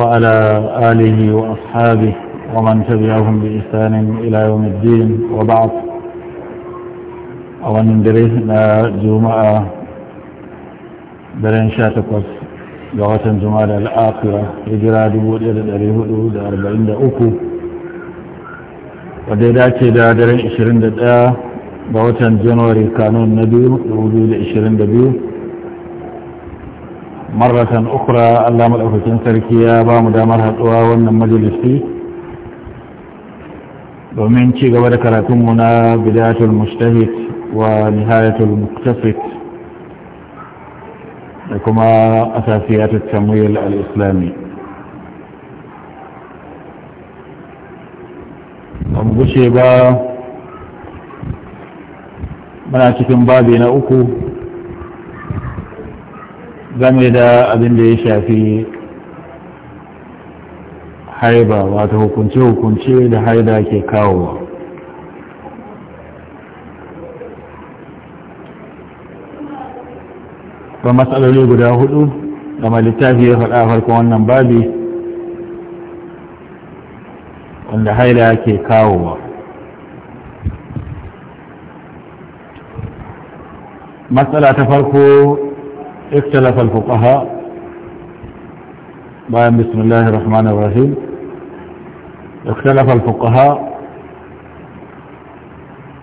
وعلى آله وأصحابه ومن تبعهم بإحسان إلى يوم الدين وبعض أولا درينا جمعة درين شاتكوس لغة جمعة الآخرة إجراء دبور يدد أريه دا أربعين دا أكو وديداتي دا درين إشرين دا دا بوتن جنوري كانون نبيو دا 22 marratan ukura Allah maɗaukakin sarki ya ba mu damar haɗuwa wannan majalisti domin ci gaba da karatunmu na bidatul mustahid wa nihayatul muktafit da kuma asasiyatul tamwil al-islami ba mu ba muna cikin babi na uku game da abin da ya shafi haiba wata hukunce-hukunce da haida ke kawowa ba matsaloli guda hudu da littafi ya faɗa farkon wannan babi wanda haida ke kawowa matsala ta farko اختلف الفقهاء بسم الله الرحمن الرحيم اختلف الفقهاء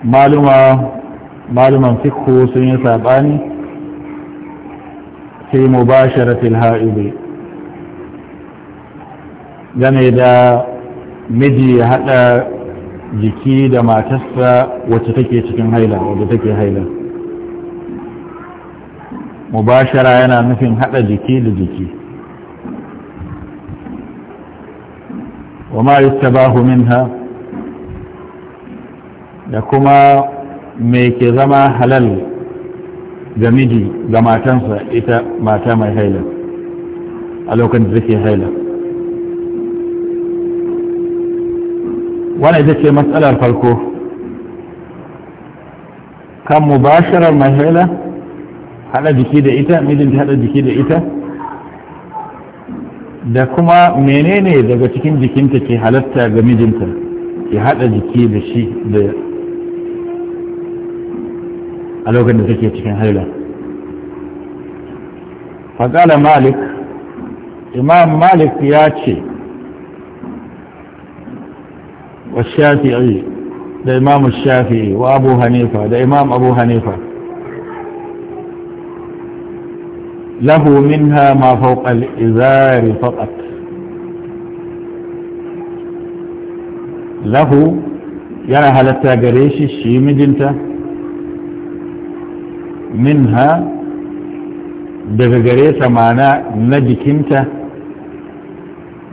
معلومة معلومة فقه سنين ثاباني في مباشرة الهائب يعني إذا مدي هذا جكيد ما تسفى وتتكي تكن take وتتكي haila mubashara yana nufin haɗa jiki da jiki wa ma yustabahu minha da kuma me ke zama halal ga miji ga matansa ita mata mai haila a lokacin da haila wani ita ce matsalar farko kan mubasharar mai haila hada jiki da ita mijinta hada jiki da ita da kuma menene daga cikin jikinta ke halatta ga mijinta ke hada jiki da shi da a lokacin da take cikin haila faƙala malik imam malik ya ce wa shafi'i da imam shafi'i wa abu hanifa da imam abu hanifa له منها ما فوق الإزار فقط له يعني هل التاقريش الشيمد مجنتا منها دفقريس معنى نجك انت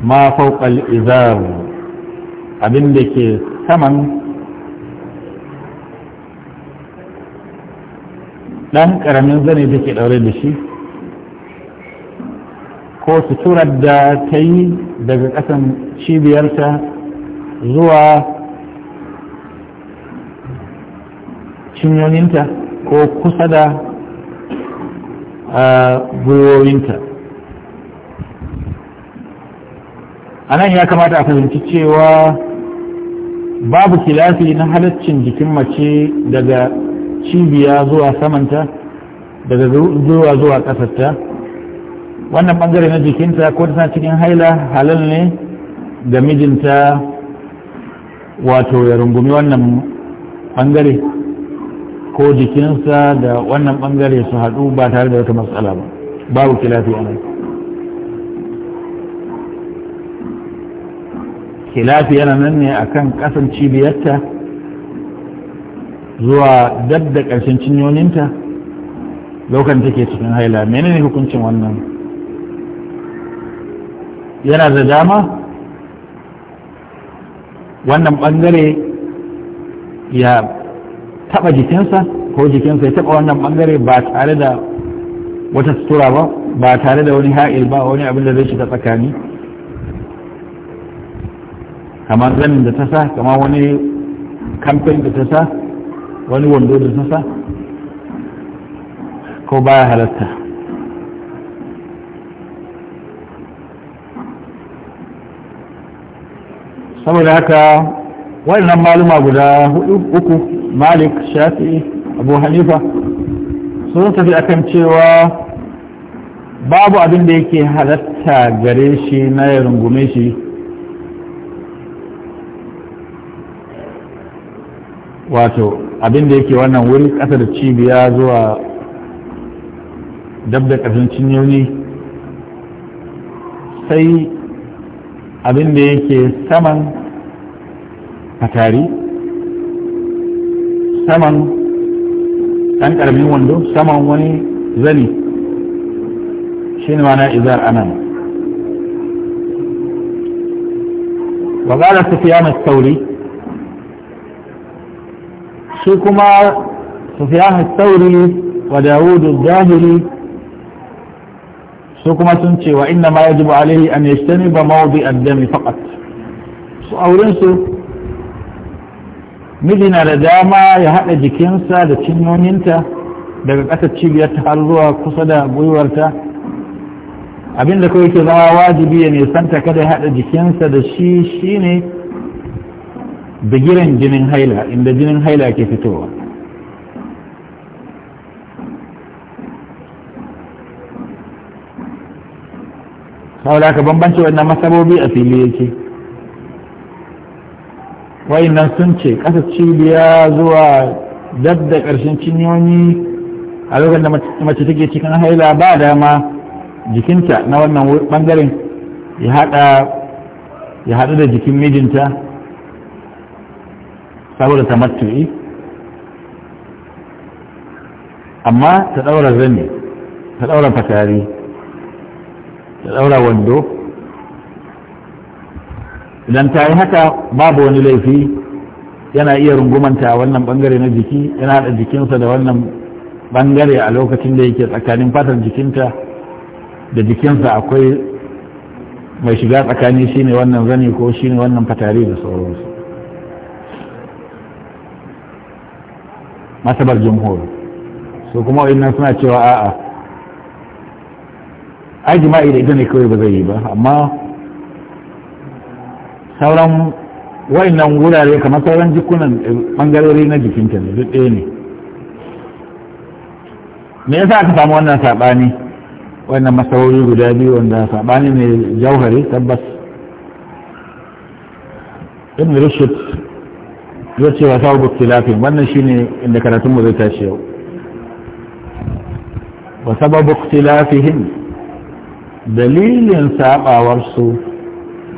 ما فوق الإزار عندك ثمن لا هنك رمين ذني الأوريد الشيخ ko suturar da ta yi daga ƙasan cibiyarta zuwa cinyoyinta ko kusa da eh, gwiwoyinta a nan ya kamata a fahimci cewa babu kilafi na halaccin jikin mace daga cibiya zuwa samanta daga zuwa zuwa ƙasarta wannan bangare na jikinta ko tana cikin haila halal ne da mijinta wato ya rungumi wannan bangare ko jikinsa da wannan bangare su haɗu ba tare da wata matsala ba babu kilafi a nan kilafi yana nan ne a kan kasan cibiyarta zuwa dab da ƙarshen cinyoninta lokacin take cikin haila menene hukuncin wannan yana da dama wannan bangare ya taba jikinsa ko jikinsa ya taba wannan bangare ba tare da wata sutura ba ba tare da wani ha'il ba wani abin da zai shiga tsakani kamar zanin da ta sa kamar wani kamfen da ta sa wani wando da ta sa ko baya halatta saboda haka waɗannan maluma guda hudu uku malik shafi abu hanifa sun tafi akan cewa babu abin da yake halatta gare shi na ya rungume shi wato abin da yake wannan wuri ƙasa da cibiya zuwa dab da ƙarshen cinyoyi sai abin da yake saman fatari saman ɗan ƙaramin wando saman wani zani shi ne mana izar anan وقال سفيان الثوري شيكما سفيان الثوري وداود الظاهري شيكما سنتي وإنما يجب عليه أن يجتنب موضع الدم فقط أولنسو miji na da dama ya haɗa jikinsa da cinyoyinta daga ƙasar ta har zuwa kusa da gwiwarta abinda kawai ke zama wajibi ya nisanta kada ya haɗa jikinsa da shi shine bigiren jinin haila inda jinin haila ke fitowa saboda ka bambance wannan masabobi a fili yake wayannan sun ce ƙasa cibiya zuwa dadda da ƙarshen cinyoyi a lokacin da mace take cikin haila ba dama jikinta na wannan ɓangaren ya haɗu da jikin mijinta saboda ta tamattu'i amma ta ɗaura zane ta ɗaura fatari ta ɗaura wando idan ta yi haka babu wani laifi yana iya rungumanta wannan bangare na jiki yana da jikinsa da wannan bangare a lokacin da yake tsakanin fatar jikinta da jikinsa akwai mai shiga tsakani shine wannan zani ko shine wannan fatari da sauransu masabar jamhur so kuma wa'innan suna cewa a'a ajima'i da ita ne kawai ba zai yi ba amma sauran wa'annan wurare kamar sauran jikunan bangarori eh, na jikinta ne duk ɗaya ne me yasa aka samu wannan saɓani wannan masarori guda biyu wanda saɓani ne jauhari tabbas ibn rushd ya ce wa sabu tilafin wannan shine inda karatun mu zai tashi yau wa sababu tilafihim dalilin su.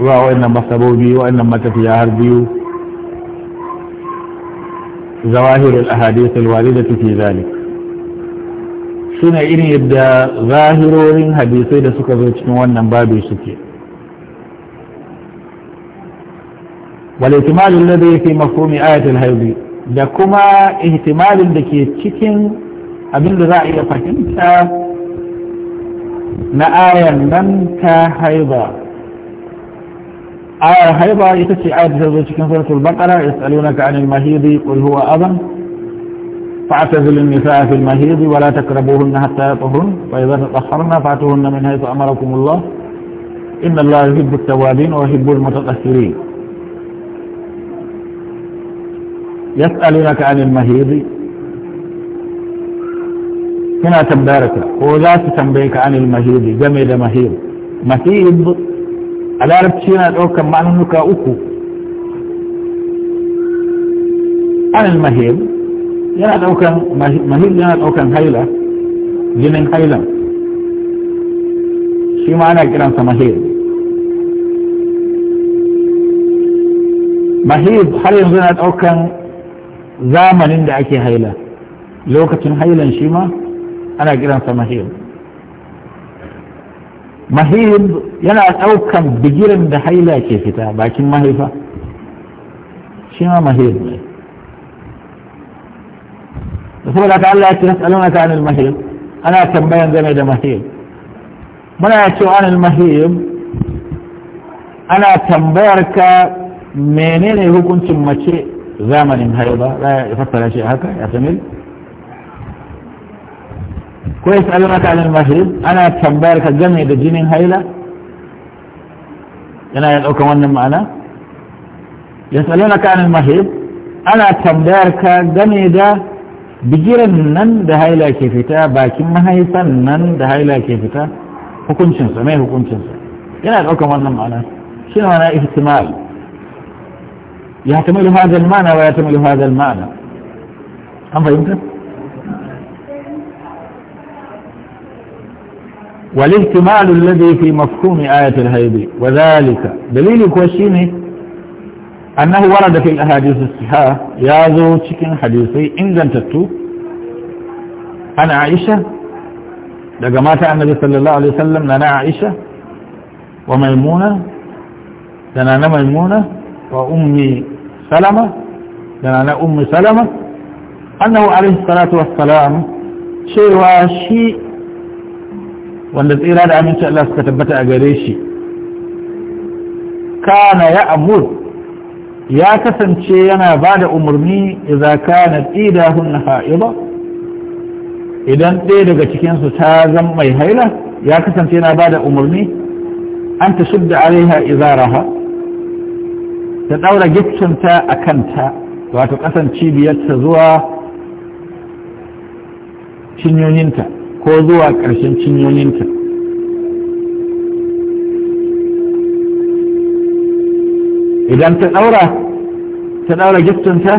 zuwa wa'annan masabobi wa'annan matafiya har biyu zawahirul ahadith alwalidatu fi zalik suna irin yadda zahirorin hadisai da suka zo cikin wannan babu suke والاحتمال الذي في مفهوم آية الهيبي da kuma ihtimalin da ke cikin abin da za a iya fahimta na ayan nan ta haiba آية حيضة يتسي آية تزوج كنفرة البقرة يسألونك عن المهيض قل هو أذن فاعتزل النساء في المهيض ولا تقربوهن حتى يطهرن وإذا تطهرن فاتوهن من حيث أمركم الله إن الله يحب التوابين ويحب المتطهرين يسألونك عن المهيض هنا تبارك وذات تنبيك عن المهيض جميل مهيض مهيض a larabci yana ɗaukar ma'anunuka uku anil mahil yana ɗaukar mahil yana ɗaukar haila jinin hailan shi ma ana kiransa mahil mahil har yanzu yana ɗaukar zamanin da ake haila lokacin hailan shi ma ana kiransa mahil mahid yana ɗaukan bigiran da haila ke fita bakin mahaifa shi ma mahid ne da saboda ka Allah ya ce nas'aluna ka anil mahid ana tambayan game da mahid muna cewa anil mahid ana tambayar ka menene hukuncin mace zamanin haiba za ya fassara shi haka ya samil ko ya sa'alu maka alal mashirin ana tambayar ka game da jinin haila yana ya ɗaukan wannan ma'ana ya sa'alu maka alal mashirin ana tambayar ka game da bigiran nan da haila ke fita bakin mahaifan nan da haila ke fita hukuncinsa mai hukuncinsa yana ɗaukan wannan ma'ana shi ne mana ihtimal ya tamilu hadal ma'ana wa ya tamilu hadal ma'ana an fahimta والاحتمال الذي في مفهوم آية الهيب وذلك دليل كوشيني أنه ورد في الأحاديث الصحيحة يازو تشكين حديثي إن جنتتو أنا عائشة لقمات النبي صلى الله عليه وسلم لنا عائشة وميمونة لنا ميمونة وأمي سلمة لنا أم سلمة أنه عليه الصلاة والسلام شيء وشيء wanda tsira da aminci Allah suka tabbata a gare shi kana ya amur ya kasance yana ba da umarni idza kana idahun ha'ida idan ɗaya daga cikinsu ta zan mai haila ya kasance yana ba da umarni an ta shudda alaiha izaraha ta ɗaura giccinta a kanta wato ƙasan cibiyarta zuwa cinyoyinta ko zuwa ƙarshen cinyoyinta idan ta ɗaura ta ɗaura giftinta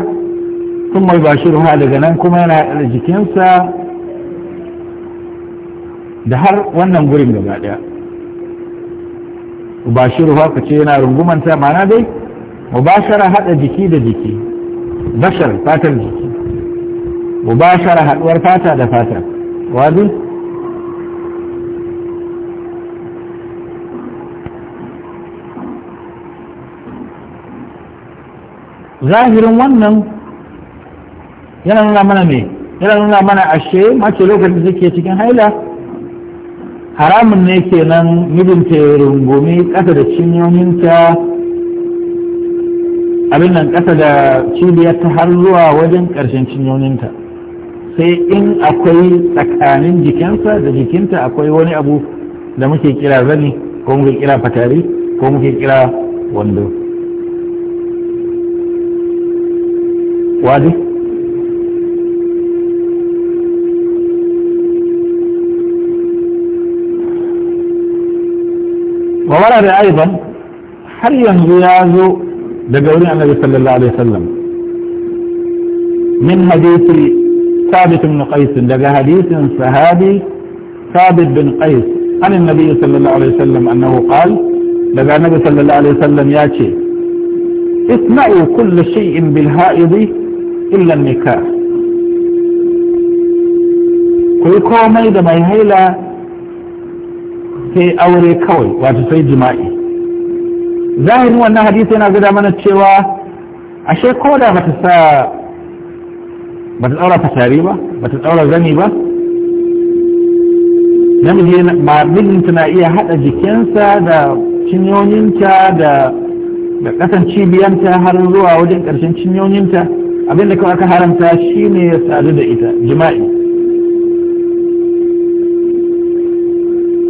sun mai ba shi ruha daga nan kuma yana da jikinsa da har wannan gurin gaba ɗaya ba shi ruha ka ce yana rungumanta mana dai mubashara haɗa jiki da jiki bashar fatar jiki mubashara haɗuwar fata da fata واضح zahirin wannan yana nuna mana ne yana nuna mana ashe mace lokacin da take cikin haila haramun ne kenan mijinta ya rungumi ƙasa da cinyoyinta abin nan ƙasa da ta har zuwa wajen ƙarshen cinyoyinta sai in akwai tsakanin jikinsa da jikinta akwai wani abu da muke kira zani ko muke kira fatari ko muke kira wando wadi wa da aiban har yanzu ya zo daga wurin annabi sallallahu alaihi wasallam min hadisi ثابت بن قيس لقى حديث صحابي ثابت بن قيس عن النبي صلى الله عليه وسلم أنه قال لقى النبي صلى الله عليه وسلم ياتي اسمعوا كل شيء بالهائض إلا النكاح كل كومي دا مي هيلا في أوري كوي واتسي جمائي ظاهر هو أن حديثنا قد من الشواء أشياء كودا ما تسا ba ta tsaura fasari ba ba ta tsaura zani ba namiji ma mijinta na iya haɗa jikinsa da cinyoyinta da da ƙasan cibiyanta har zuwa wajen ƙarshen cinyoyinta abinda kawai aka haramta shine ya sadu da ita jima'i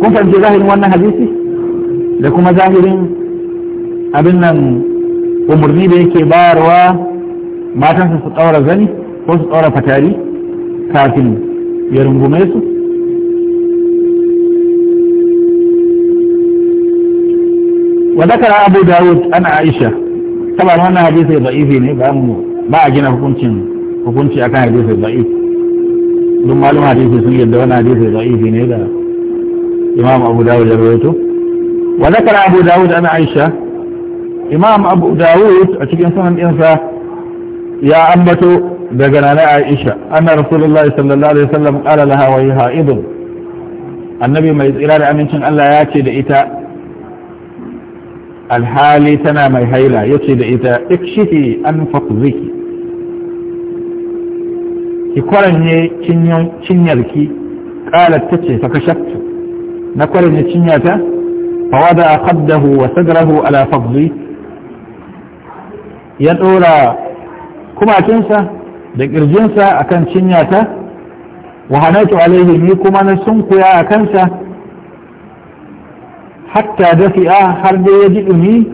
kun fahimci zahirin wannan hadisi da kuma zahirin abin nan umarni da yake bayarwa matansa su ɗaura zani ko su tsora fatari kafin ya rungume su وذكر abu داود ana aisha طبعا wannan حديث ضعيف ne ba a gina hukuncin hukunci akan hadisi da'if don malum hadisi sun yadda wani hadisi da'ifi ne da imam abu dawud ya rawaito wa zakara abu dawud ana aisha imam abu dawud a cikin sunan ɗinsa ya ambato daga nana aisha anna rasulullahi sallallahu alaihi wasallam qala laha wa hiya annabi mai tsira da amincin Allah ya ce da ita alhali tana mai haila yace da ita ikshifi an ki kwaranye cinyarki qalat tace fa kashaftu na kwaranye cinyata fa wada wa sadrahu ala ya dora da ƙirjinsa a kan cinyata wahanaitu alaihi ni kuma na sunkuya a kansa hatta dafi'a har da ya ji ɗumi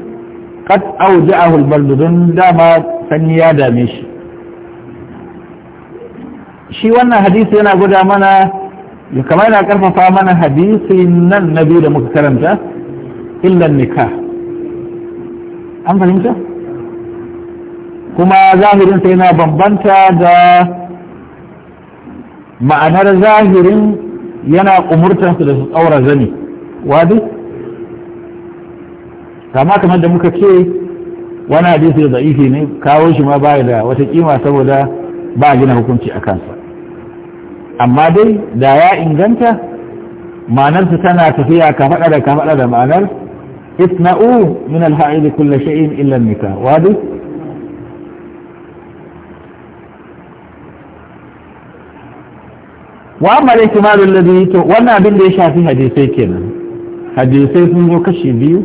kad a albaldu don dama sanyi ya dame shi shi wannan hadisi yana guda mana ya kama yana karfafa mana hadisi nan na biyu da muka karanta illan nikah an fahimta kuma zahirinsa yana bambanta da ma'anar zahirin yana umurtansu da su tsaura zane wadu kama kamar da muka ce wani hadisi da za'ifi ne kawo shi ma baya da wata kima saboda ba gina hukunci a kansa amma dai da ya inganta ma'anarsa tana tafiya ka faɗa da ka faɗa da ma'anar isna'u min alha'ili kulle sha'in illa nika wadu wa amma al-ihtimal to wannan abin da ya shafi hadisai kenan hadisai sun zo kashi biyu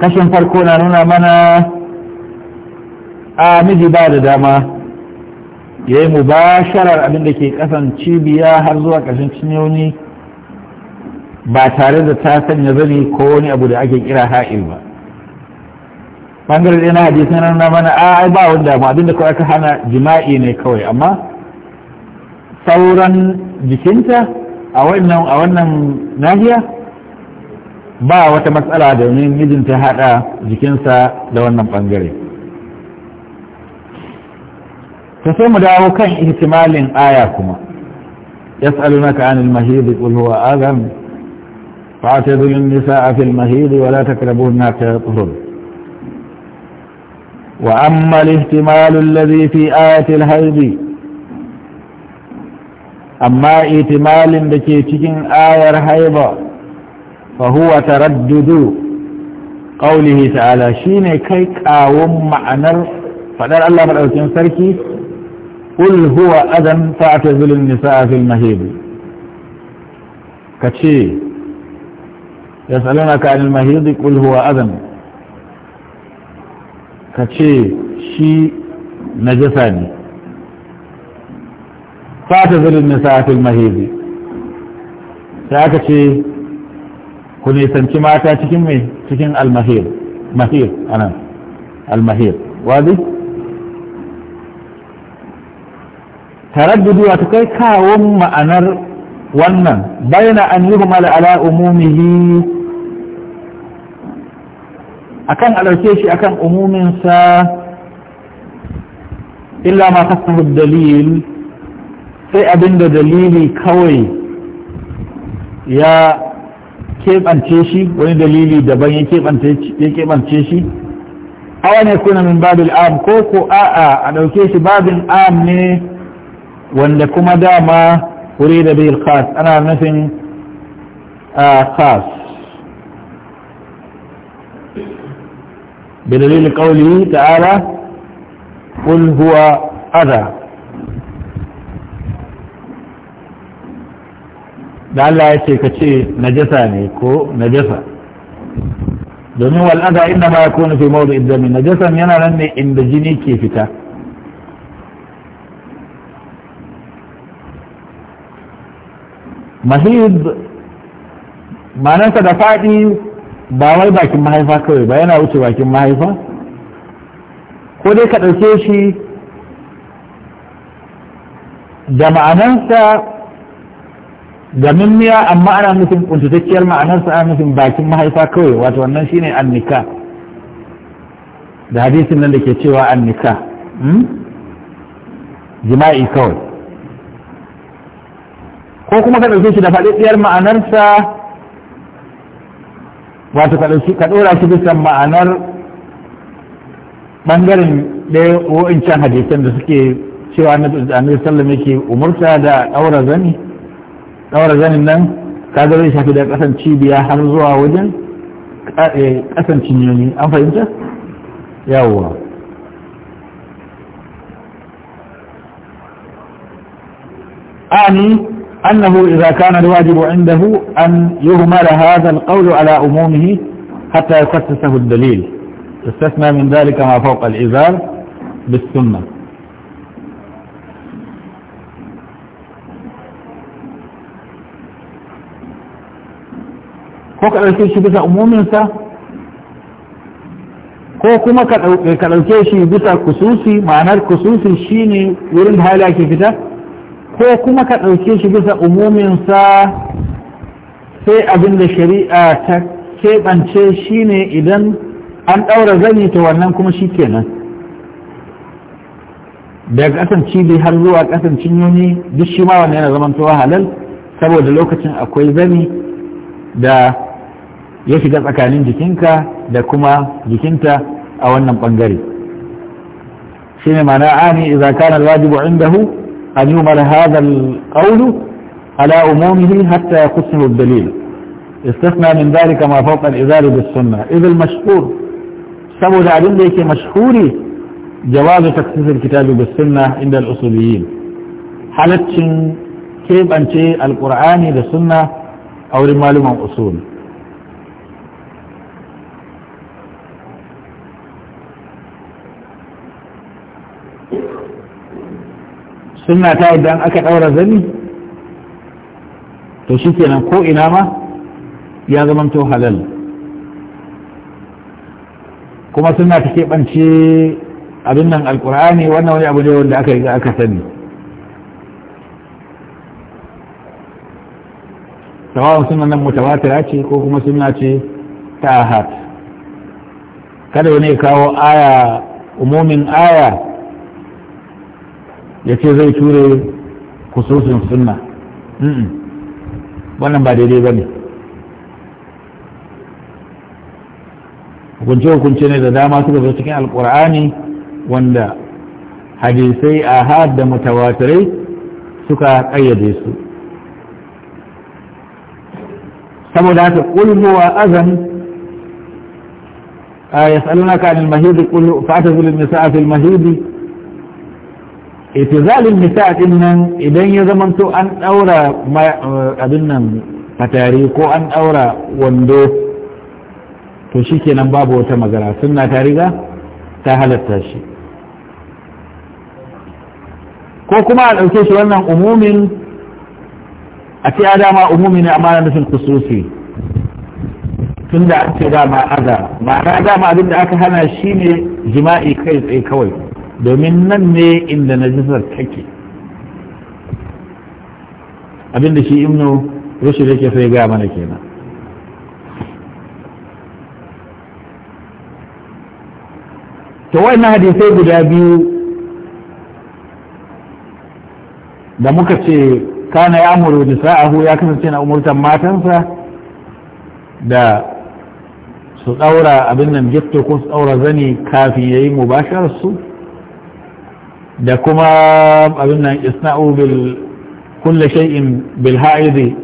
kashin farko na nuna mana a miji ba da dama ya yi mubasharar abin da ke kasan cibiya har zuwa kashin cinyoyi ba tare da ta sanya zani ko wani abu da ake kira ha'il ba bangare ɗaya na hadisi na nuna mana a ai ba wanda abin da kawai aka hana jima'i ne kawai amma طورا جسنتا او انه او انه ناهية با وتمسألة دونين مدن تهاقا جسنسا دونا بانجري تسمى دعو كان احتمال آياكما يسألونك عن المهيد قل هو آدم فاعتدوا النساء في المهيد ولا تكربوهن حتى يطهر وأما الاحتمال الذي في آية الهيدي amma itimalin da ke cikin ayar haiba fa huwa taraddudu qawlihi ta'ala shine kai kawun ma'anar fadar Allah madaukakin sarki qul huwa adan fa'tazilun nisaa fil ya kace ka anil mahid qul huwa ka kace shi najasa ne fata zirin nisa fil mahezi sai aka ce ku nisanci mata cikin mai cikin almahir mahir anan almahir wadi taraddudu wato kai kawon ma'anar wannan bayana an yi kuma ala umumihi akan alarce shi akan umuminsa illa ma kasahu dalil sai abinda dalili kawai ya keɓance shi wani dalili daban ya keɓance shi awa ne kuna min babin am ko ko a'a a ɗauke shi babin am ne wanda kuma dama wuri da bil khas ana nufin khas بدليل قوله تعالى قل هو da Allah ya ce ka ce najasa ne ko najasa domin wal'ada inda ma ya kone fi mawar idami najasan yana nan ne inda jini ke fita mahid ma'anarsa da faɗi ba wai bakin mahaifa kawai ba yana wuce bakin mahaifa ko dai ka ɗauke shi da ma'anansa Ga mimmiya amma ana nufin kuntatacciyar ma'anarsa ana nufin bakin mahaifa kawai wato wannan shine annika da hadisin nan da ke cewa annika hmm? jima'i kawai ko kuma ka ɗauke shi da faɗaɗɗiyar ma'anarsa wato ka ɗora shi bisa ma'anar ɓangaren ɗaya wa'incan hadisan da suke cewa na sallame ke yake umurta da ɗaura zani kawar zanin nan ka ga zai shafi da kasan cibiya har zuwa wajen kasan cinyoyi an fahimta yawwa أعني أنه إذا كان الواجب عنده أن يهمل هذا القول على أمومه حتى يخصصه الدليل استثنى من ذلك ما فوق الإزار بالسنة ko ka ɗauke shi bisa umuminsa ko kuma ka ɗauke shi bisa kususi ma'anar kususi shine wurin da hali ke fita ko kuma ka ɗauke shi bisa umuminsa sai abin da shari'a ta keɓance shine idan an ɗaura zani ta wannan kuma shi kenan daga ƙasan cibi har zuwa ƙasan cinyoni duk shi ma wannan yana zamantowa halal saboda lokacin akwai zani da ya shiga tsakanin jikinka da kuma jikinta a wannan bangare shine mana ani izakana kana alwajibu indahu an yumara hadha alqawl ala umumihi hatta yaqsim aldalil istathna min dhalika ma fawqa alizar bis sunnah idh almashhur saboda abin da yake mashhuri جواز تخصيص الكتاب بالسنة عند الأصوليين حالة كيف أنت القرآن بالسنة أو لمعلومة أصول suna ta idan aka ɗaura zani to shi kenan ko ina ma ya zamanto halal kuma suna ta keɓance abin nan alkur'ani wannan wani abu ne wanda aka riga aka sani tawawan suna nan mutawatira ce ko kuma suna ce ta ahad kada wani kawo aya umumin aya ya ce zai ture kususin sunna wannan ba daidai ba ne hukunce-hukunce ne da dama suka zo cikin alkur'ani wanda hadisai a da mutawatirai suka kayyade su saboda haka kulhuwa azan a يسألونك عن المهيد قل فاعتزل a في المهيد itizalin nisa din nan idan ya zamanto an daura eh, abin nan fatari ko an daura wando to shikenan babu wata magana sunna ta riga ta halatta shi ko kuma a ɗauke shi wannan umumin a ce dama umumi ne amma nufin kususi tun da an ce dama aza ma dama abin da aka hana shi ne jima'i kai tsaye kawai domin nan ne inda najisar take abinda shi ibnu rushd yake sai ga mana kenan to wannan hadisai guda biyu da muka ce kana ya amuru da sa'ahu ya kasance na umurtan matansa da su ɗaura abin nan gifto ko su ɗaura zani kafin ya yi mubashar su da kuma abin nan isna'u bil kulle shay'in bil haidi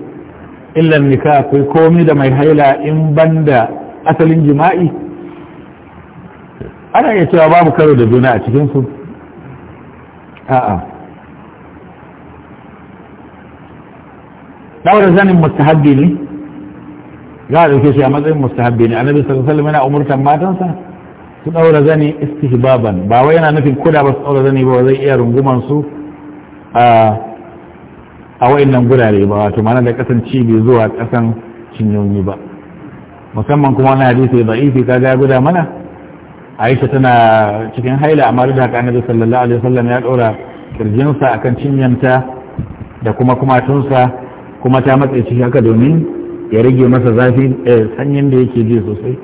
illa nika akwai komi da mai haila in banda asalin jima'i ana iya cewa babu karo da juna a cikin su a'a daura zanin mustahabbi ne za a dauke shi a matsayin mustahabbi ne annabi sallallahu alaihi wasallam yana umurtan matansa su ɗaura zane istihbaban ba wai yana nufin koda ba su ɗaura zane ba zai iya runguman su a a wayannan gurare ba wato mana da kasan cibi zuwa kasan cinyoyi ba musamman kuma wani hadisi da ifi ka ga guda mana aisha tana cikin haila amma duk da haka annabi sallallahu alaihi wasallam ya ɗora kirjinsa akan cinyanta da kuma kumatunsa kuma ta matse shi haka domin ya rage masa zafi eh, sanyin da yake ji sosai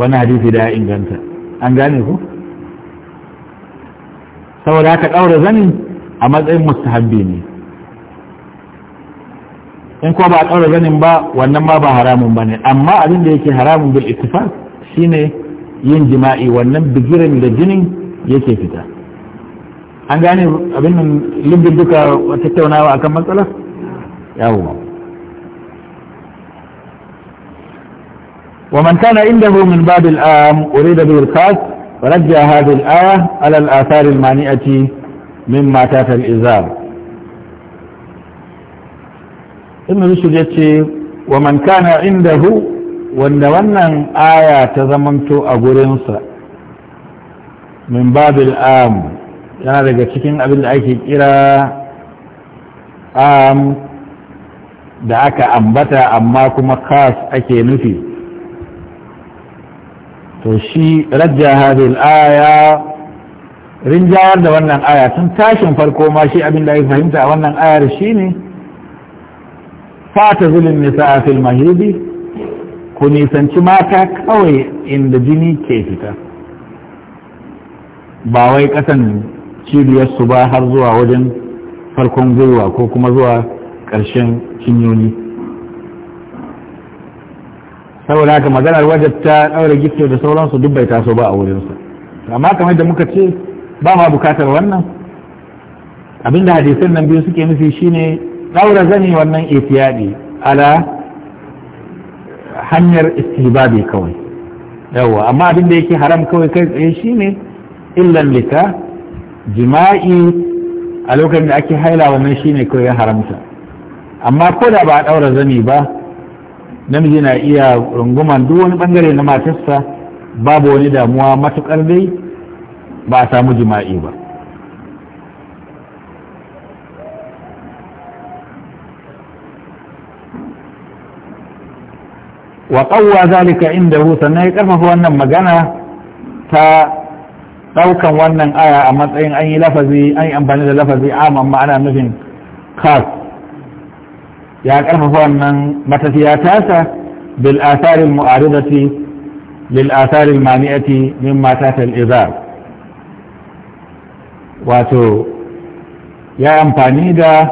wani hadisi da ya inganta an gane ku saboda haka ɗaura zani a matsayin mustahabbi ne in kuma ba a ɗaura zanin ba wannan ma ba haramun ba ne amma abin da yake haramun bil ittifaq shine yin jima'i wannan bigiran da jinin yake fita an gane abin nan limbin duka tattaunawa akan matsalar yawo ومن كان عنده من باب الآم أريد به رجع هذه الآية على الآثار المانئة مما تات الإزار إنه يسجد ومن كان عنده wanda wannan aya ta zamanto a gurinsa min babil am yana daga cikin abin da ake kira am da aka ambata amma kuma khas ake nufi to shi rajja hadhihi aya rinjayar da wannan aya tun tashin farko ma shi abin da ya fahimta a wannan ayar shine fata zulun nisa'a fil mahidi ku nisanci mata kawai inda jini ke fita ba wai kasan cibiyarsu ba har zuwa wajen farkon gwiwa ko kuma zuwa ƙarshen cinyoyi saboda haka maganar wajen ta ɗaure gitto da sauransu duk bai taso ba a wurinsa amma kamar da muka ce ba ma bukatar wannan abinda hadisan nan biyu suke nufi shine ɗaura zani wannan itiyaɗi ala hanyar istibabi kawai yawa amma abinda yake haram kawai kai tsaye shine illan lika jima'i a lokacin da ake haila wannan shine kawai ya haramta amma ko da ba a ɗaura zani ba namiji na iya runguman duk wani bangare na matarsa babu wani damuwa matukar dai ba a samu jima'i ba wa kawwa zalika indahu sannan ya karfafa wannan magana ta daukan wannan aya a matsayin an yi lafazi an yi amfani da lafazi amma ma'ana nufin khas ya karfafa wannan matafiya tasa bil atharil mu'aridati lil atharil mani'ati mimma tatal izar wato ya amfani da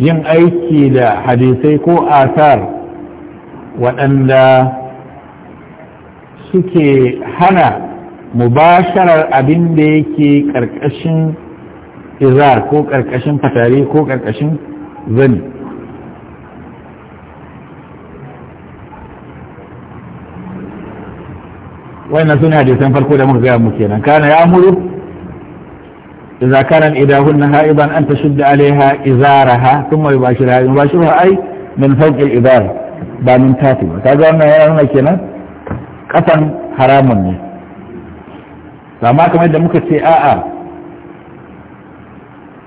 yin aiki da hadisai ko asar waɗanda suke hana mubasharar abin da yake ƙarƙashin izar ko ƙarƙashin fatari ko ƙarƙashin zani wannan suna da san farko da muka gaya muke nan kana ya muru idza kana idahun na haiban an tashud alaiha izaraha thumma yubashirha yubashirha ay min fawqi al-ibar ba min tafi ba ga wannan ya nuna kenan kasan haramun ne amma kamar yadda muka ce a'a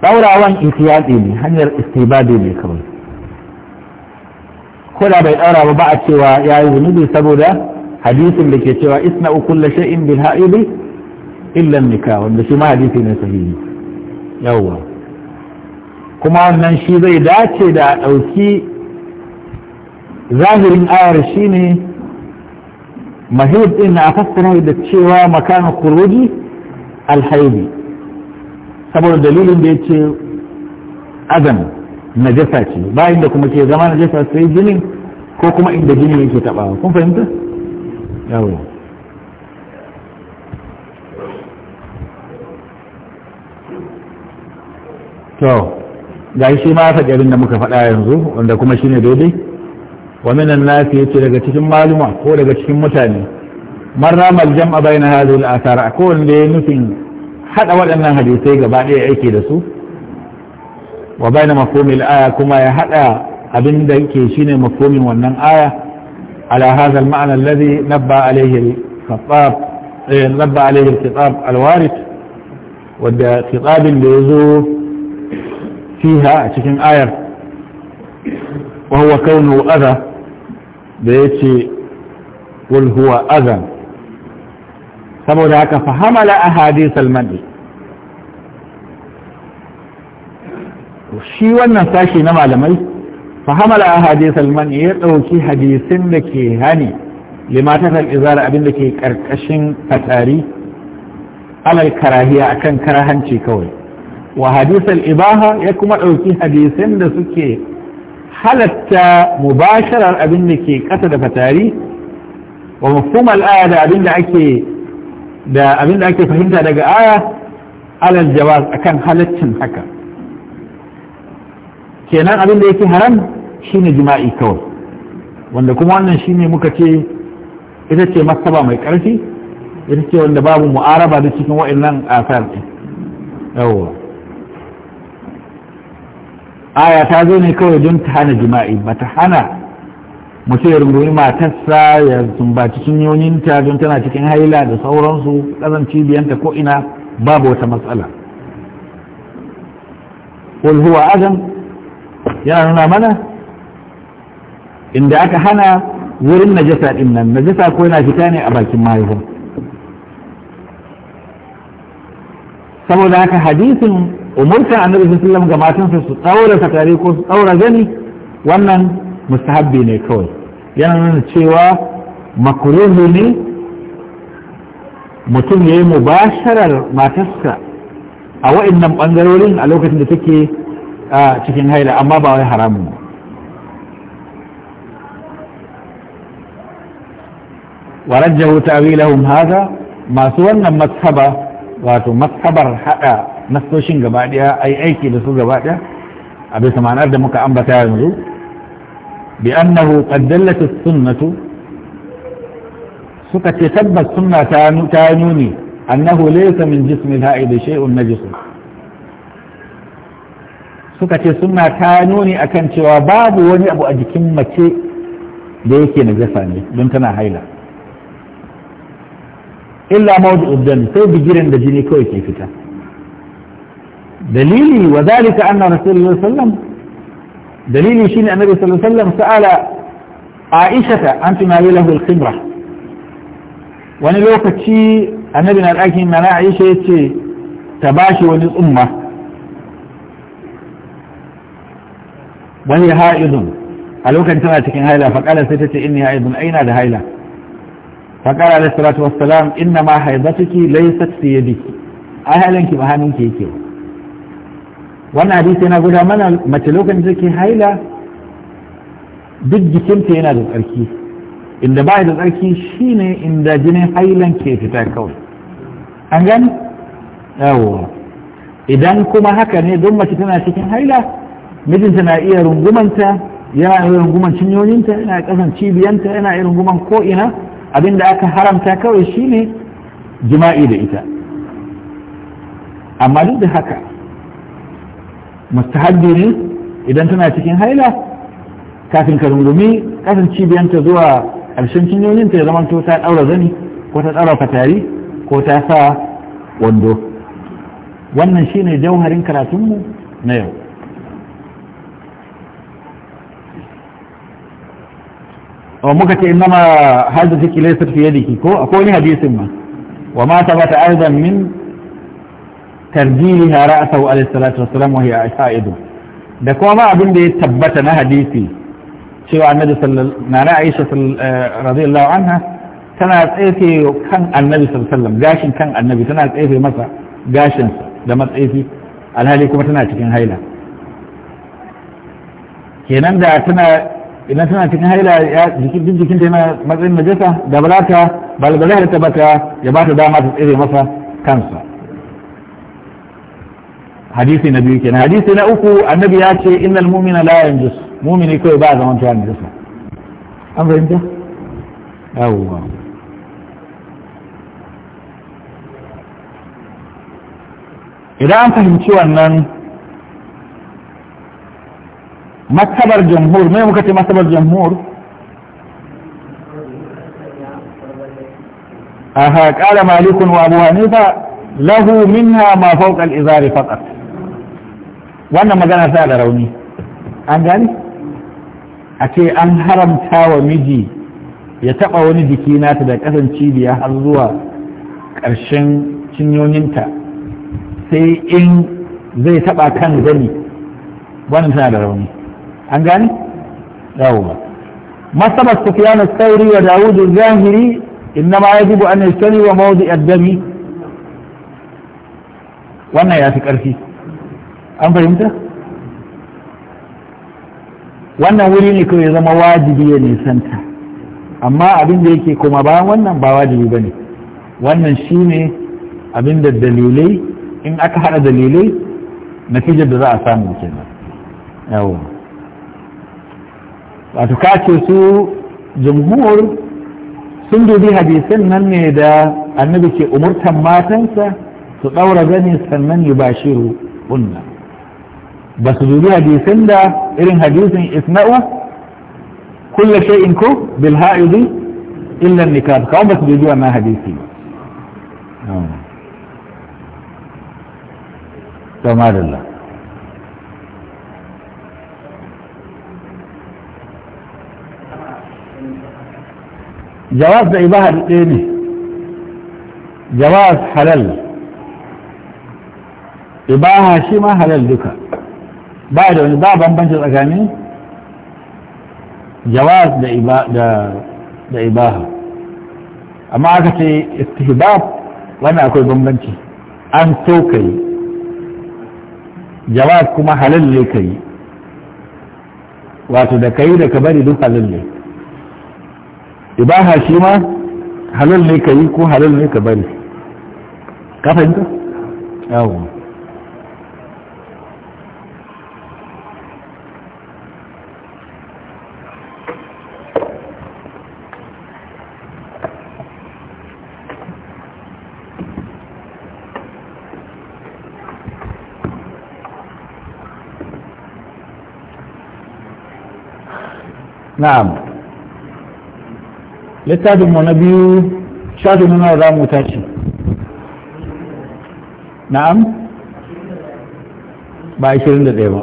ɗaurawan ihtiyaɗi ne hanyar istibadi ne kawai ko da bai ɗaura ba a cewa ya yi zunubi saboda hadisin da ke cewa isna ukulla shay'in bil ha'ili illan nika wanda shi ma hadisi ne sahihi yawwa kuma wannan shi zai dace da ɗauki zahirin ayar shi ne mahid ɗin na fassara da cewa makana kuruji alhaidi saboda dalilin da ya ce azan najasa ce bayan da kuma ke zama najasa sai jinin ko kuma inda jinin yake taɓawa kun fahimta yawo to ga shi ma faɗi abin da muka faɗa yanzu wanda kuma shine daidai wa minan nasi ce daga cikin maluma ko daga cikin mutane man ramal jam'a bayna hadhihi al ko wanda ya nufin hada waɗannan hadisai gaba ɗaya yake da su wa bayna mafhumil aya kuma ya hada abin da yake shine mafhumin wannan aya ala hadha al ma'na alladhi nabba alayhi al khattab eh, nabba alayhi al khitab al wadda khitabin da yazo fiha a cikin ayar wa huwa kaunu adha da yace qul huwa saboda haka fahamala a hadisal madi shi wannan sashi na malamai fahamala a hadisal madi ya ɗauki hadisin da ke hani limatar izara abinda ke ƙarƙashin fatari alal karahiya akan karahanci kawai wa hadisar ibaha ya kuma ɗauki hadisin da suke halatta mubasharar abin da ke ƙasa da fatari wa mafumar aya da abin da ake da abin da ake fahimta daga aya alal jawaz akan halaccin haka kenan abin da yake haram shine jima'i kawai wanda kuma wannan shine muka ce ita ce masaba mai ƙarfi ita ce wanda babu mu'araba da cikin wa'annan asar din yawa aya ta zo ne kawai don ta hana jima'i ba ta hana mutum ya rungumi matarsa ya sumbaci ta don tana cikin haila da sauransu ƙazan cibiyanta ko ina babu wata matsala wal huwa adam yana nuna mana inda aka hana wurin najasa din nan najasa ko yana fita ne a bakin mahaifa saboda haka hadisin umurta annabi sallallahu alaihi wasallam ga matansa su tsaura sakare ko su tsaura gani wannan mustahabbi ne kawai yana cewa makurumi ne mutum ya yi mubasharar matarsa a waɗannan ɓangarorin a lokacin da take a cikin haila amma ba wai haramu warajja wuta lahum haza masu wannan matsaba wato matsabar haɗa nasoshin gabaɗaya a aiki da su gabaɗaya a bisa da muka ambata yanzu بأنه قد دلت السنة suka ce tabbas suna ta nuni annahu laysa min jismil ha'id shay'un najis suka ce suna ta nuni akan cewa babu wani abu a jikin mace da yake najasa ne don tana haila illa mawdu uddan sai bigiren da jini kawai ke fita dalili wa zalika anna rasulullahi sallallahu alaihi wasallam dalili shine annabi sallallahu alaihi wasallam sa'ala aisha an tunayi lahu al-khibra wani lokaci annabi na ɗakin na aisha yace ta bashi wani tsumma wani ha'idun a lokacin tana cikin haila faƙala sai ta ce inni ha'idun aina da haila faƙala alaihi salatu wassalam inna ma haidatuki laysat fi yadiki ai halanki ba hannunki yake ba wannan hadisi yana guda mana mace lokacin da take haila duk jikinta yana da tsarki inda ba da tsarki shine inda jinin hailan ke fita kawai an gani yawo idan kuma haka ne don mace tana cikin haila mijinta na iya rungumanta yana iya runguman cinyoyinta yana kasan cibiyanta yana iya runguman ko'ina abinda aka haramta kawai shine jima'i da ita amma duk da haka mustahabbi ne idan tana cikin haila kafin ka rungumi kasan cibiyanta zuwa ƙarshen cinyoyin ta ya zama to ta ɗaura zani ko ta ɗaura fatari ko ta sa wando wannan shi ne jauharin karatunmu na yau muka ce inama hadda take fiye da ko akwai wani hadisin ma wa ma bata aidan min ترجيحها رأسه عليه الصلاة والسلام وهي عائشة ده كما أبن دي تبتنا حديثي شو عن نبي صلى نارا عائشة آه، رضي الله عنها كان أتأتي كان النبي صلى الله عليه وسلم قاشن كان النبي كان أتأتي مسا قاشن لما أتأتي الهالي كما تناتكين هايلا كينان دا أتنا إن أتنا تكين هايلا يا جيكي جيكي كنت هنا مدرين مجلسة دابلاتا بل بلاتا بلاتا يباتا داما تتأتي مسا كانسا hadisi na biyu kenan hadisi na uku annabi ya ce innal mu'mina la yanjus mu'mini kai ba zaman tuwa ne dasa an fahimta yawwa idan an fahimci wannan masabar jamhur me muka ce masabar jamhur aha qala malikun wa abu hanifa lahu minha ma fawqa al-izari faqat wannan magana ta da rauni an gani a ce an haramta wa miji ya taɓa wani jiki nata da ƙasan cibiya har zuwa ƙarshen cinyoyinta sai in zai taɓa kan gani wannan tana da rauni an gani yawwa masabar sufiyanu sauri wa dawudu zahiri innama yajibu an yashtari wa mawdi ad-dami wannan ya fi ƙarfi an fahimta wannan wuri ne kawai zama wajibi ya nisanta amma abin da yake koma bayan wannan ba wajibi ba ne wannan shi ne abin da dalilai in aka hada dalilai natijar da za a samu kenan yawon wato kace su jamhur sun dubi hadisin nan ne da annabi ke umurtan matansa su ɗaura gani sannan bashiru unna ba su dubi hadisin da irin hadisin isna'u kulla shay'in ko bil ha'idi illa nikah kawai ba su dubi wannan hadisi to madalla جواز إباحة الإيه جواز حلال إباحة شما حلال duka. ba da wani ba bambanci tsakanin jawaz da ibaha amma aka ce istihbab wani akwai bambanci an so ka yi jawaz kuma halalle ka yi wato da ka yi da ka bari duk halalle ibaha shi ma halalle ka yi ko halalle ka bari ka fahimta yawon na'am littafin mu na biyu shafin nuna za mu tashi na'am ba 21 ba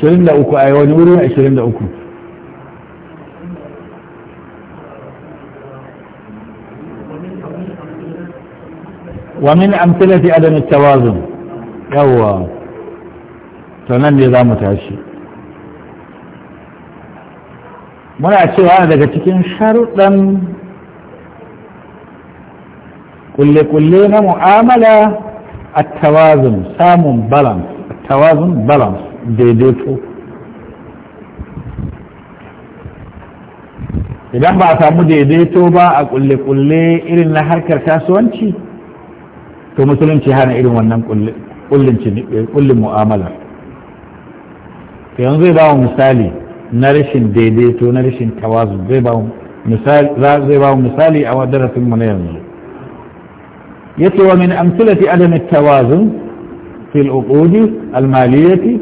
23 a wani wurin 23 ومن أمثلة عدم التوازن ne za mu tashi? muna cewa daga cikin sharuɗan kulle-kulle na mu'amala a tawazin samun balance a tawazun balance daidaito idan ba a samu daidaito ba a kulle-kulle irin na harkar kasuwanci to musulunci hana irin wannan eh, kullin mu'amala yanzu ya ba misali na rashin daidaito na rashin tawazu zai ba misali a darasin mu na yanzu ce wa min amsalati adam at-tawazun fil al-uqud al-maliyati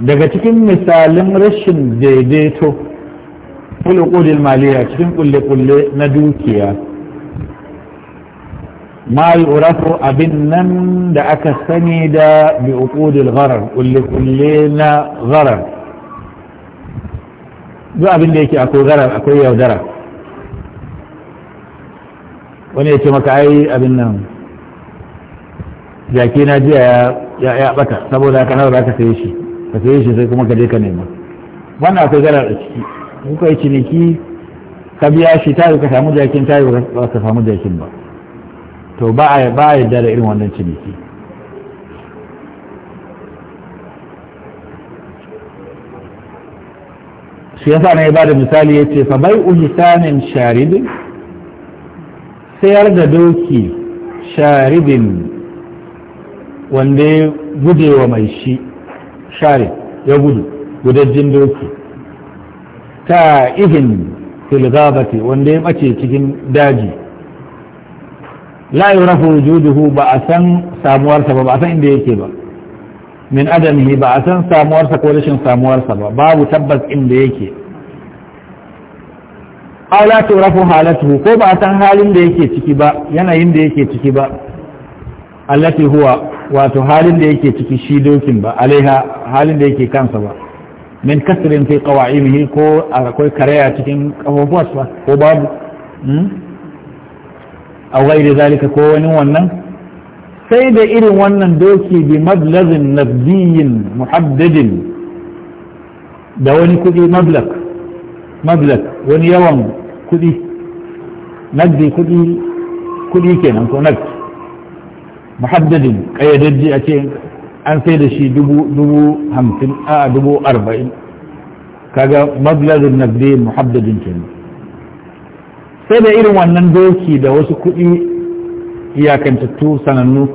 daga cikin misalin rashin daidaito fil al-uqud cikin kulle-kulle na dukiya ma yu'rafu abin nan da aka sani da bi uqudil gharar kulle na gharar duk abin da yake akwai gharar akwai yaudara wani ya ce maka ai abin nan jaki na jiya ya bata saboda haka nawa ka saye shi ka saye shi sai kuma ka je ka nema wannan akwai gharar a ciki kuka yi ciniki ka biya shi tayo ka samu jakin tayo ba samu jakin ba to ba a ba a yadda da irin wannan ciniki shi yasa na ba da misali ya ce fa bai uhisanin sharidin sayar da doki sharidin wanda ya gude wa mai shi sharid ya gudu jin doki ta izin filgabati wanda ya mace cikin daji la yurafu wujuduhu ba a san samuwarsa ba ba a san inda yake ba min adamihi ba a san samuwarsa ko rashin samuwarsa ba babu tabbas inda yake aw la turafu halatuhu ko ba a san halin da yake ciki ba yanayin da yake ciki ba allati huwa wato halin da yake ciki shi dokin ba alaiha halin da yake kansa ba min kasrin fi qawa'imihi ko akwai karaya cikin kafofuwarsa ko babu hmm? a gairi zalika ko wani wannan sai da irin wannan doki bi mablazin nabdiyin muhaddadin da wani kudi mablak mablak wani yawan kudi nabdi kudi kudi kenan ko nabdi muhaddadin kayyadajji a ce an sai da shi dubu hamsin a dubu arba'in kaga mablazin nabdi muhaddadin kenan sai da irin wannan doki da wasu kuɗi iyakantattu sanannu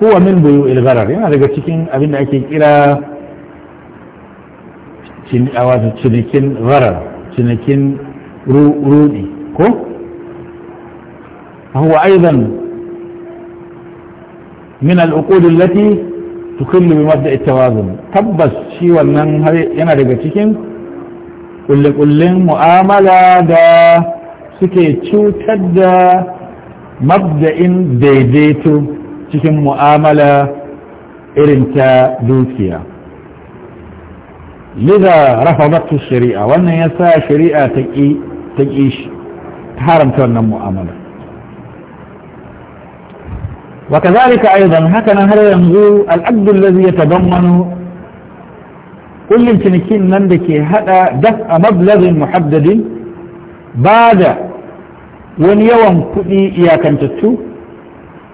huwa min buyu ilgarar yana daga cikin abin da ake kira cinikin zarar cinikin rudi ko huwa aizan min al'ukudin lati tukullu bi mabda tawazun tabbas shi wannan yana daga cikin kulle-kullen mu'amala da suke cutar da mabda'in daidaito cikin mu'amala irin ta dukiya liza rafadatu shari'a wannan ya sa shari'a ta ƙi shi ta haramta wannan mu'amala وكذلك أيضا هكذا هل ينظر الأجد الذي يتضمن كل تنكين نندك هذا دفع مبلغ محدد ba da wani yawan kuɗi iyakantattu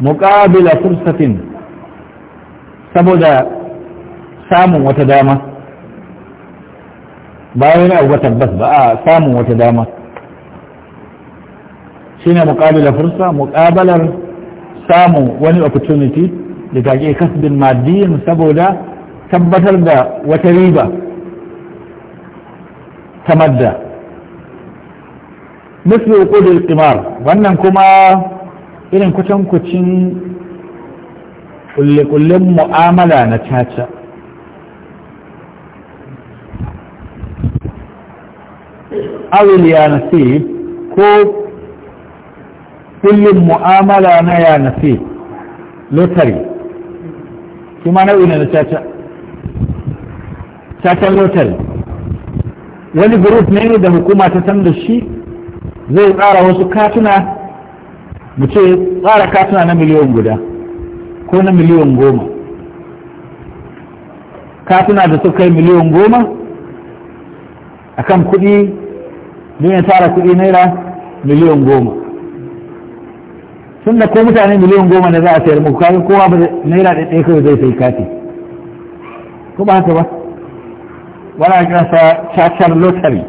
muƙabila fursafin saboda samun wata dama ba wani abu tabbas ba a samun wata dama shi ne muƙabila fursa muƙabalar samun wani opportunity da ta ke kasbin maddiyin saboda tabbatar da wata riba ta madda uku uqudil qimar wannan kuma irin kucin kucin kullen mu'amala na caca awil ya nasi ko kullum mu'amala na ya nasi lotari kuma na nau'i na caca caca lotari wani group ne da hukuma ta san da shi zai tsara wasu katuna mu ce tsara katuna na miliyon guda ko na miliyon goma katuna da suka kai miliyon goma a kan kuɗi don ya tara kuɗi naira miliyon goma sun da ko mutane miliyon goma ne za a sayar muku kawai kowa ba naira da ɗaya kawai zai sai kati ko ba haka ba wani a kira sa chacar lottery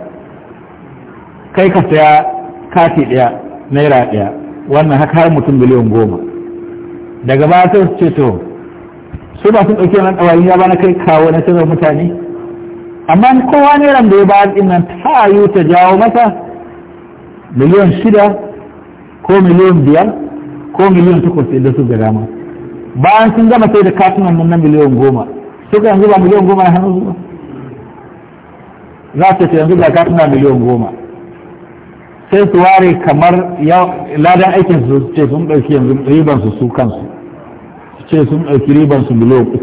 kai ka saya kati ɗaya naira ɗaya wannan haka har mutum biliyan goma daga baya sai su ce to su ba sun ɗauki wannan ɗawayin ya ba na kai kawo na cizar mutane amma kowa naira da ya bayar ɗin nan ta yi ta jawo masa miliyan shida ko miliyan biyar ko miliyan takwas idan su ga dama bayan sun gama sai da katunan nan na miliyan goma suka yanzu ba miliyan goma na hannun su ba za su ce yanzu ga katunan miliyan goma sai su ware kamar ladan aikin su ce sun ɗauki yanzu riban su su kansu ce sun ɗauki riban su miliyan uku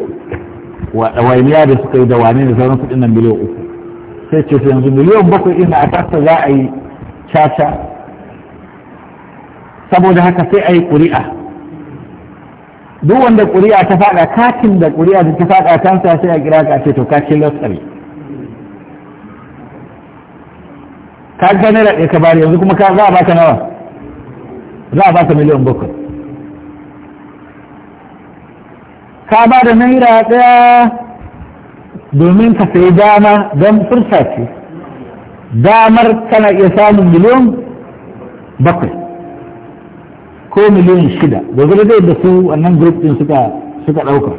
wainiya da suka yi da wane da sauran kuɗin nan miliyan uku sai ce su yanzu miliyan bakwai ina a tasa za a yi caca saboda haka sai a yi ƙuri'a duk wanda ƙuri'a ta faɗa katin da ƙuri'a da ta faɗa kansa sai a kira ka ce to kakin lasari ka ga naira ɗaya ka bari yanzu kuma ka za a baka nawa za a baka miliyan bakwai ka ba da naira ɗaya domin ka sayi dama don fursa ce damar kana iya samun miliyan bakwai ko miliyan shida da zai dai da su wannan grup din suka suka ɗauka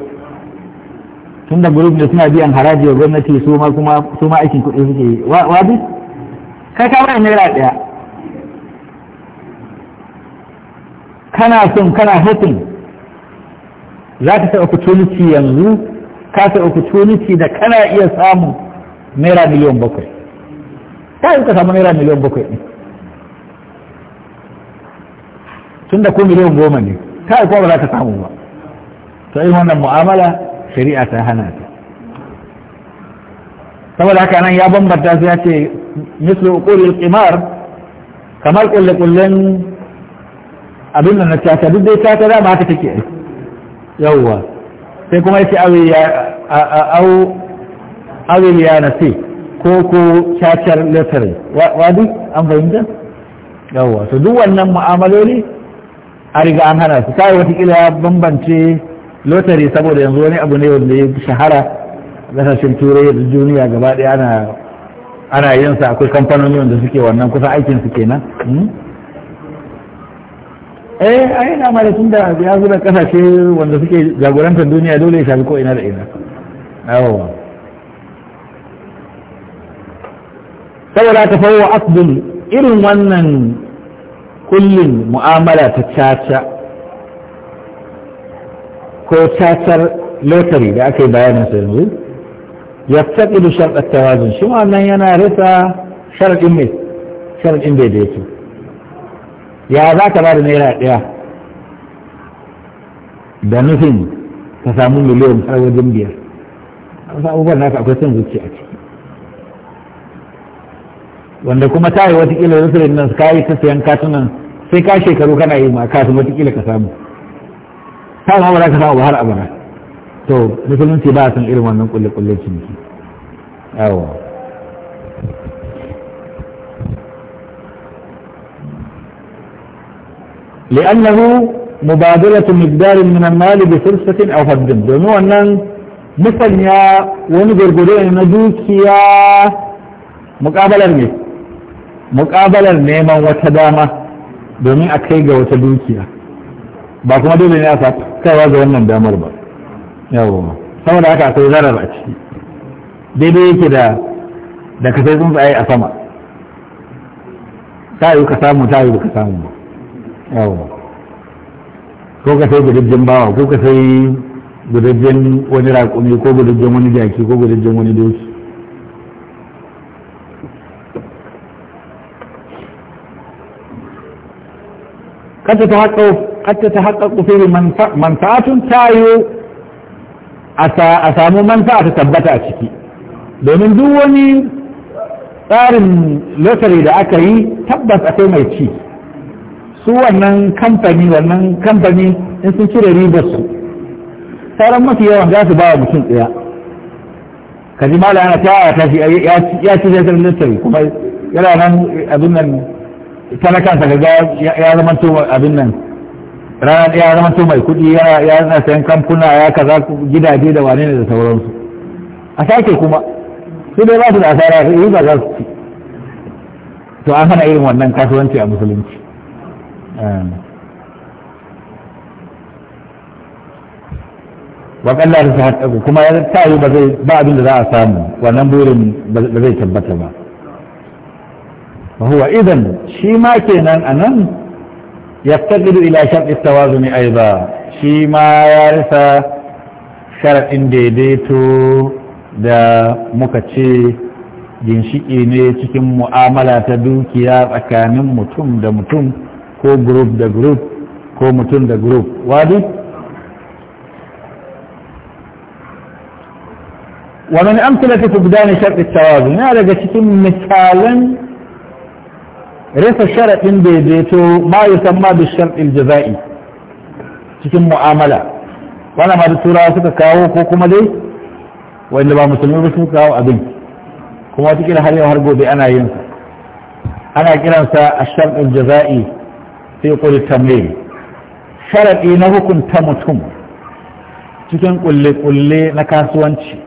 tun da grup ne suna biyan haraji wa gwamnati su ma kuma su ma aikin kuɗi suke yi wa kai ka bayan naira ɗaya kana son kana hoping za ka sai opportunity yanzu ka sai opportunity da kana iya samun naira miliyan bakwai ta yi ka samu naira miliyan bakwai ɗin tun da ko miliyan goma ne ta yi kuma ba za ka samu ba ta yi wannan mu'amala shari'a ta hana ta saboda haka nan ya bambanta su ya ce mislu uqulil qimar kamar kulle kullen abin da na tata duk dai tata da ba ta take yawwa sai kuma yace awi ya au awi ya nasi ko ko chachar letter wadi an fahimta yawwa to duk wannan mu'amaloli a riga an hana su kai wata kila bambance lotari saboda yanzu wani abu ne wanda ya shahara kasashen turai da duniya gaba ɗaya ana ana yin sa akwai kamfanoni wanda suke wannan kusa aikin su kenan hmm? eh ai na mara tun da ya da kasashe wanda suke jagorantar duniya dole ya shafi ko ina da ina yawa saboda ta fawo asdul irin wannan kullum mu'amala ta caca ko cacar lotari da aka yi bayanin sa yanzu يفتقد شرط التوازن شو yana rasa شرط إمي شرط إمي بيته يا ya za نيرا ba da naira da nufin ka samu miliyan har wajen biyar a abubuwan naka akwai son zuci a ciki wanda kuma ta yi watakila rusulun nan ka yi ta sayan katunan sai ka shekaru kana yi ma kasu watakila ka samu ta ma ba ka samu ba har abara to musulunci ba a san irin wannan kulle-kulle ciniki yawa li'annahu mubadalatu migdarin min al-mali bi fursatin aw fadin domin wannan musanya wani gurgure ne na dukiya muƙabalar ne muƙabalar neman wata dama domin a kai ga wata dukiya ba kuma dole ne a kaiwa ga wannan damar ba yawo saboda haka akwai zarar a ciki daidai yake da da ka sai tsaye a sama ta yi ka samu ta yi ka samu ba yawa ko ka sai gudajen bawa ko ka sai gudajen wani raƙumi ko gudajen wani jaki ko gudajen wani doki قد تتحقق قد tayo a samu تايو ta tabbata a ciki. domin duk wani tsarin lotari da aka yi tabbas akwai mai ci su wannan kamfani wannan kamfani in sun cire ribar su sauran mafi yawan za su ba mutum tsaya ka ji mala yana ta ya tashi ya ci zai zai lotari kuma yana nan abin nan ta na kansa ga ya zama to abin nan rana ya zama to mai kuɗi ya zana sayan kamfuna ya kaza gidaje da wane ne da sauransu a sake kuma su dai ba su da asara su yi ba za su ci to an hana irin wannan kasuwanci a musulunci ehm. wa ta su haɗu kuma ya ta yi ba zai ba abin da za a samu wannan burin ba zai tabbata ba Ba huwa idan shi ma kenan anan yaftaqidu ila shartu tawazuni aiba shi ma ya rasa sharadin daidaito da muka ce ginshiki ne cikin mu'amala ta dukiya tsakanin mutum da mutum ko group da group ko mutum da group wadi? wannan amsila ta fi gudanar sharɗita ya daga cikin misalin rasa sharaɗin daidaito ma yi samma da sharɗin jaza'i cikin mu'amala wannan hadu tura suka kawo ko kuma dai wanda ba musulmi ba sun kawo abin kuma wata har yau har gobe ana yin ana kiransa a sharɗin jaza'i sai kuli tamil sharaɗi na hukunta mutum cikin kulle-kulle na kasuwanci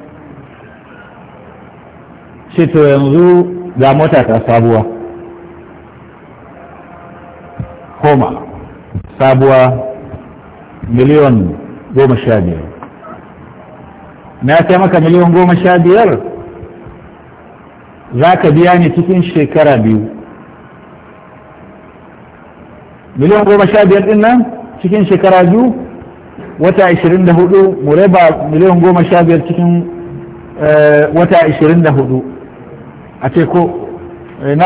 ce to yanzu ga mota ta sabuwa Homa. sabuwa miliyon goma sha biyar na sai maka miliyan goma sha biyar za ka biya ni cikin shekara biyu miliyan goma sha biyar din nan cikin shekara biyu wata ashirin da hudu mu raba miliyan goma sha biyar cikin eh, wata ashirin da hudu a ce ko eh,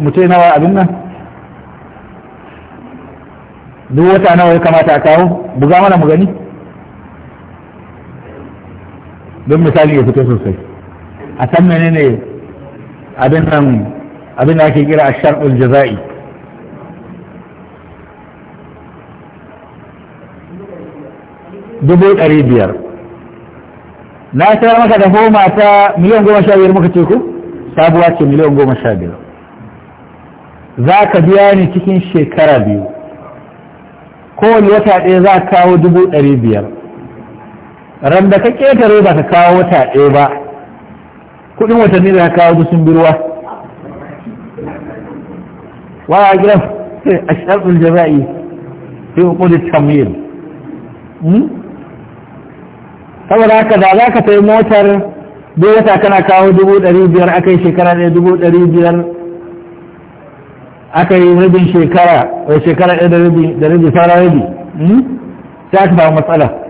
mutai nawa abin nan duk wata nawa ya kamata a kawo buga mana mu gani don misali ya fito sosai a san menene abin nan abin da ake kira a sharɗin jaza'i dubu ɗari biyar na sayar maka da homa ta miliyan goma sha biyar muka ce ku sabuwa ce miliyan goma sha biyar za ka biya ni cikin shekara biyu kowane wata ɗaya za ka kawo dubu ɗari biyar ran da ka ƙetare ba ka kawo wata ɗaya ba kuɗin watanni da ka kawo duk sun birwa wa a gidan a sharɗin jama'i sai ku kuɗi tamil saboda haka da za ka sai motar duk wata kana kawo dubu ɗari biyar aka yi shekara ɗaya dubu ɗari biyar aka yi rabin shekara shekara ɗaya da rabi sauran rabi hmm? sai aka samu matsala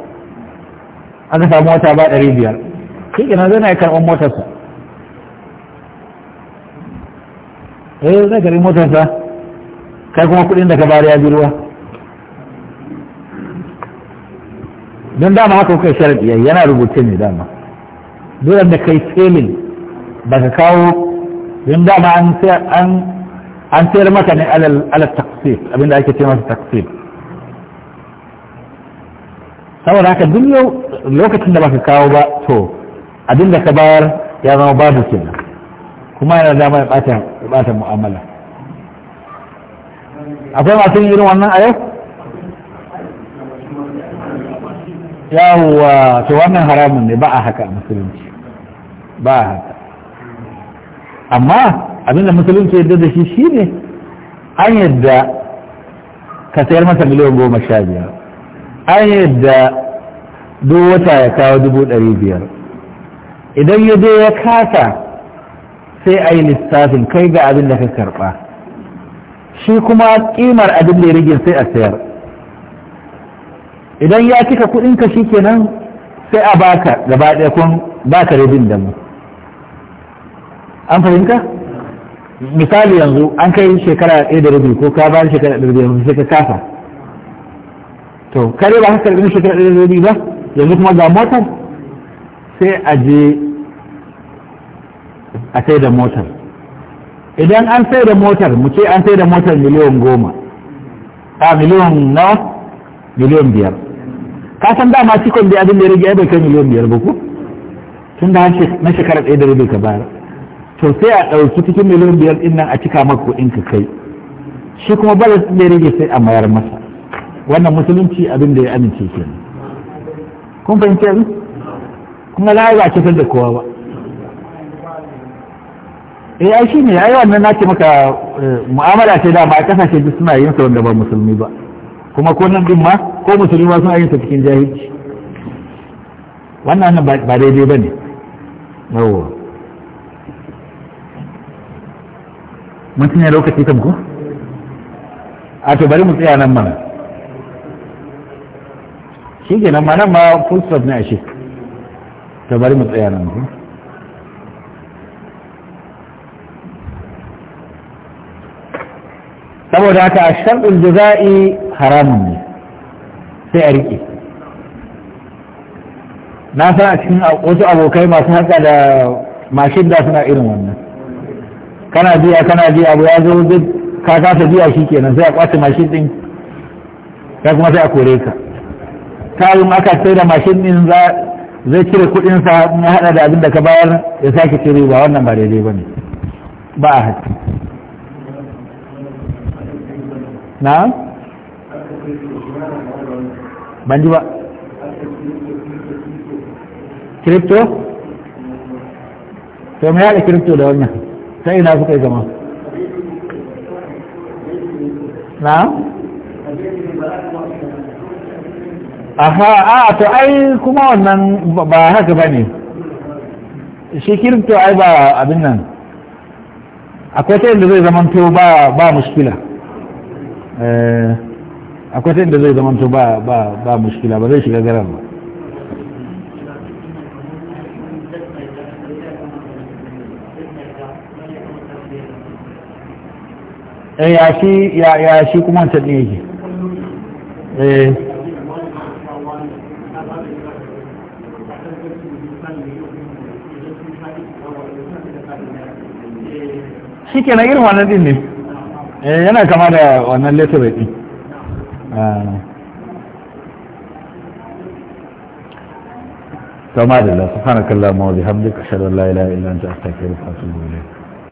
aka samu mota ba ɗari biyar shi kenan zai na ya karɓar motarsa eh zai karɓi motarsa kai kuma kuɗin da ka bari ya bi ruwa don dama haka kuka sharaɗi yana rubuce ne dama dole da kai selin ba ka kawo don dama an sayar maka ne alal taksir abinda ake ce masa taksir saboda haka duk lokacin da baka kawo ba to abin da ka bayar ya zama babu kenan kuma yana dama ya bata mu'amala akwai masu yin irin wannan a yau yawwa to wannan haramun ne ba a haka a musulunci ba a haka amma da musulunci yadda da shi shine an yadda ka sayar masa miliyan goma sha biyar an yadda duk wata ya kawo dubu ɗari biyar idan ya je ya kasa sai a yi lissafin kai ga abin da ka karɓa shi kuma kimar abin da ya rage sai a sayar idan ya kika kuɗinka shi kenan sai a baka gaba ɗaya kun baka rabin da mu an fahimta misali yanzu an kai shekara ɗaya da rabi ko ka bayan shekara ɗaya da rabi sai ka kafa to kare ba haka da shekara ɗaya da rabi ba yanzu kuma ga motar sai a je a sai da motar idan an sai da motar mu ce an sai da motar miliyan goma a miliyan nawa miliyan biyar ka san dama cikon da abin da ya rage bai kai miliyan biyar ba ko tun da na shekara ɗaya da rabi ka bayar to sai a ɗauki cikin miliyan biyar ɗin nan a cika maka kuɗin ka kai shi kuma balas ɗin da ya rage sai a mayar masa wannan musulunci abin da ya amince ke kun fahimci abin kuma la ba cutar da kowa ba eh ai shine ai wannan nace maka eh, mu'amala ce da ba kasashe duk suna yin sa wanda ba musulmi ba kuma ko nan din ma ko musulmi ma suna yin sa cikin jahilci wannan ba daidai ba ne yawwa mun cinye lokaci kan ku a to bari mu tsaya nan mana shi ke nan manan ma full stop ne a shi ta bari mu tsaya nan ku saboda haka a sharɗin jaza'i haramun ne sai a riƙe na san a cikin wasu abokai masu haka da mashin da suna irin wannan kana biya kana biya abu ya zo duk ka kasa biya shi kenan sai a kwace mashin din ya kuma sai a kore ka tayin aka sai da mashin din zai cire kudin sa ya hada da abin da ka bayar ya sake cire ba wannan ba daidai bane ba a hatta na bandi ba kripto? to me hada kripto da wannan sai ina suka yi zama na aha a to ai kuma wannan ba haka ba ne shi to ai ba abin nan akwai ta yadda zai zamanto ba ba muskila eh, akwai ta yadda zai zamanto ba ba ba muskila ba zai shiga garan ba eh, ya shi ya shi kuma ta ne yake eh shi na irin wannan din ne eh, yana kama da wannan letter din ah. ma da la subhanakallahumma wa bihamdika ashhadu an la ilaha illa anta astaghfiruka wa